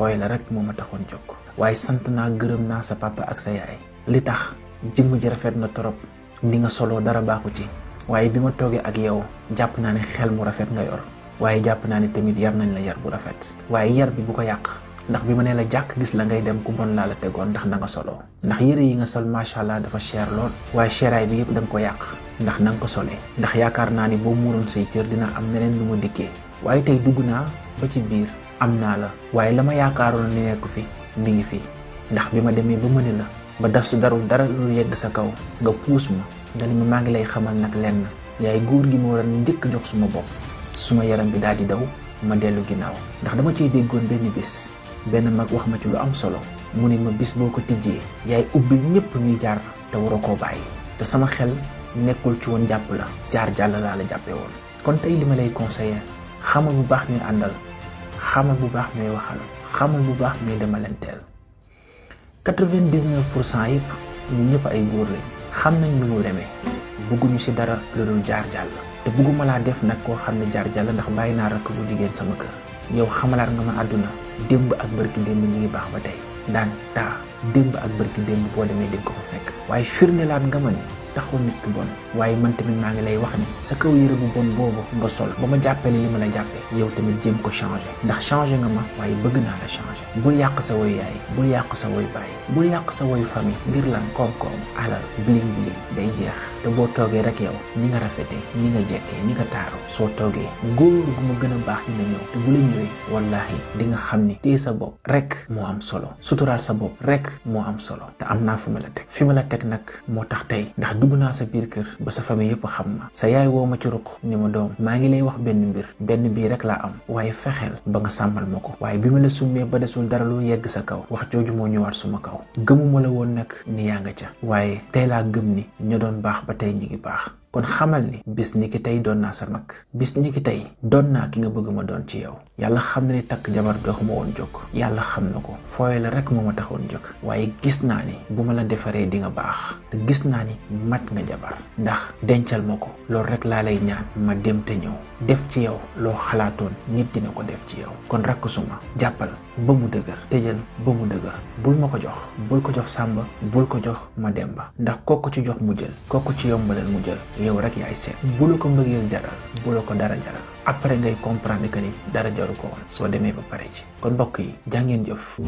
foy la rek moma taxone jokk waaye sant na geureum na sa papa ak sa yaay li tax jimu ji rafet na torop ni nga solo dara Wai ci waye bima toge ak yow japp na ni xel mu rafet nga yor waye japp na ni tamit yar nañ la yar bu rafet waye yar bi bu ko yak ndax bima ne la jak gis la ngay dem ku bon la la tegon ndax nga solo ndax yere yi nga sol macha allah dafa cher lool waye cheray bi yëpp dang ko yak ndax nang ko solé ndax yaakaar ni bo sey cieur dina am nenen lu ma dikkee waaye ba ci bir am naa la waaye la ma ya ni nekk ya fi mi ngi fi ndax bi ma demee ba mëni la ba daf su darul dara lu yegg sa kaw nga puus ma dana ma ngi lay xamal nag lenn yaay góor gi ma war a jox suma bopp suma yaram bi daal di daw ma dellu ginnaaw ndax dama cee déggoon benn bis benn mag wax ma ci lu am solo mune ne ma bis boo ko yaay ubbi ñëpp ñuy jaar te waroo koo bàyyi te sama xel nekkul ci woon jàpp la jaar jàll la kon lay conseiller xamal bu baax ñuy xamal bu baax may waxal xamal bu baax may demalanteel quatre-vingt-dix-neuf pour cent yëpp ñëpp ay góor lañ xam nañ nu mu demee bëgguñu si dara lu jaar jàll te bëgguma laa def nag koo xam ne jaar jàll ndax bàyyi naa rakk bu jigéen sama kër yow xamalaat nga ma àdduna démb ak bërki démb ñu ngi baax ba tey daan taa démb ak bërki démb boo demee di ko fa fekk waaye firnde laat nga ma ne taxul nit ki bon waaye man tamit maa ngi lay wax ni sa kaw yëre bu bon boobu nga sol ba ma jàppale yi ma la jàppee yow tamit jéem ko changé ndax changé nga ma waaye bëgg naa la changé bul yàq sa woy yaay bul yàq sa woy baay bul yàq sa woy famille ngir lan koom-koom alal bling bling day jeex te boo toogee rek yow ñi nga rafetee ni nga jekkee ni nga taaru soo toogee góor gu ma gën a baax dina ñëw te bu la ñëwee di nga xam ni téye sa bopp rek moo am solo suturaal sa bopp rek moo am solo am naa fu ma teg fi ma la teg nag moo tax tey ndax dugg naa sa biir kër ba sa famille yëpp xam ma sa yaay woo ma ci ruq ni ma doom maa ngi lay wax benn mbir benn bii rek laa am waaye fexeel ba nga sàmmal ma ko waaye bi ma la summee ba desul dara lu yegg sa kaw wax jooju moo ñëwaat suma kaw gëmuma la woon nag ni yaa nga ca waaye tey laa gëm ni ñu doon baax ba tey ñi ngi baax kon xamal ni bis ni ki tey doon naa sa mag bis ni ki tey doon naa ki nga bëgg ma doon ci yow yàlla xam na ni takk jabar dox ma woon jóg yàlla xam na ko fooye la rek moo ma taxoon jóg waaye gis naa ni bu ma la defaree di nga baax te gis naa ni mat nga jabar ndax dencal ma ko loolu rek laa lay ñaan ma dem te ñëw def ci yow loo xalaatoon nit dina ko def ci yow kon rakk jàppal ba mu dëgër tëjal ba mu dëgër bul ma ko jox bul ko jox sàmba bul ko jox ma dem demba ndax kooku ci jox mu jël kooku ci yombalal mu jël yow rek yaay seet bu la ko mbëggeel jaral bu ko dara jaral après ngay comprendre que ni dara jaru ko woon soo demee ba pare ci kon mbokk yi jàngeen jëf